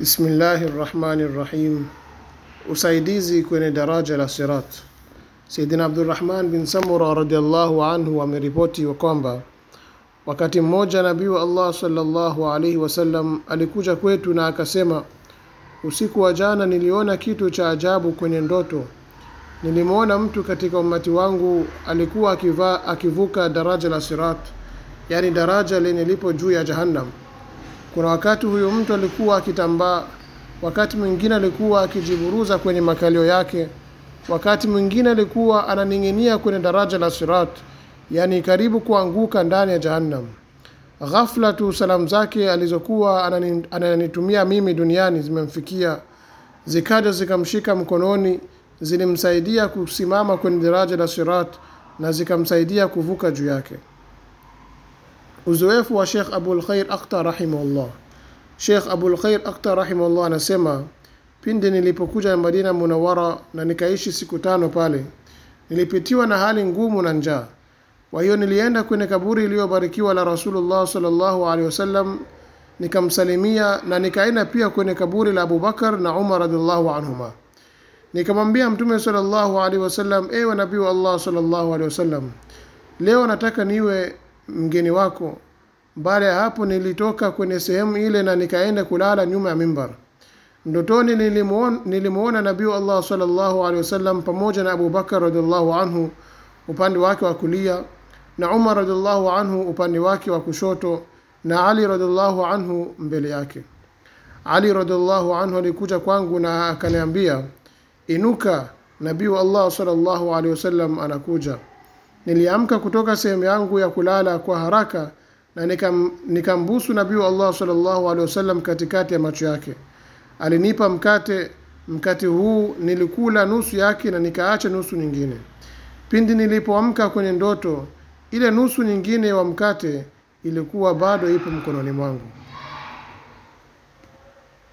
Bismillahi rahmani rrahim. Usaidizi kwenye daraja la Sirat. Saidina Abdurrahman bin Samura radhiallahu anhu ameripoti wa kwamba wakati mmoja Nabii wa Allah sallallahu alaihi wasallam alikuja kwetu na akasema, usiku wa jana niliona kitu cha ajabu kwenye ndoto. Nilimwona mtu katika ummati wangu alikuwa akiva, akivuka daraja la Sirat, yani daraja lenye lipo juu ya Jahannam kuna wakati huyu mtu alikuwa akitambaa, wakati mwingine alikuwa akijiburuza kwenye makalio yake, wakati mwingine alikuwa ananing'inia kwenye daraja la Sirat, yani karibu kuanguka ndani ya Jahannam. Ghafla tu salamu zake alizokuwa ananitumia mimi duniani zimemfikia, zikaja zikamshika mkononi, zilimsaidia kusimama kwenye daraja la Sirat na zikamsaidia kuvuka juu yake. Uzoefu wa Sheikh Abul Khair Akhtar rahimahullah. Sheikh Abul Khair Akhtar rahimahullah anasema pindi nilipokuja Madina Munawara na nikaishi siku tano pale, nilipitiwa na hali ngumu na njaa. Kwa hiyo nilienda kwenye kaburi iliyobarikiwa la Rasulullah sallallahu alaihi wasallam nikamsalimia, na nikaenda pia kwenye kaburi la Abubakar na Umar radhiallahu anhuma. Nikamwambia Mtume sallallahu alaihi wasallam, ewe nabii wa Allah sallallahu alaihi wasallam, leo nataka niwe mgeni wako baada ya hapo nilitoka kwenye sehemu ile na nikaenda kulala nyuma ya mimbar ndotoni nilimuona, nilimuona nabii Allah sallallahu alaihi wasallam pamoja na Abu Bakar radhiallahu anhu upande wake wa kulia na Umar radhiallahu anhu upande wake wa kushoto na Ali radhiallahu anhu mbele yake. Ali radhiallahu anhu alikuja kwangu na akaniambia, inuka, nabii Allah sallallahu alaihi wasallam anakuja niliamka kutoka sehemu yangu ya kulala kwa haraka na nikam, nikambusu nabii Allah sallallahu alaihi wasallam katikati ya macho yake. Alinipa mkate, mkate huu nilikula nusu yake na nikaacha nusu nyingine. Pindi nilipoamka kwenye ndoto, ile nusu nyingine wa mkate ilikuwa bado ipo mkononi mwangu.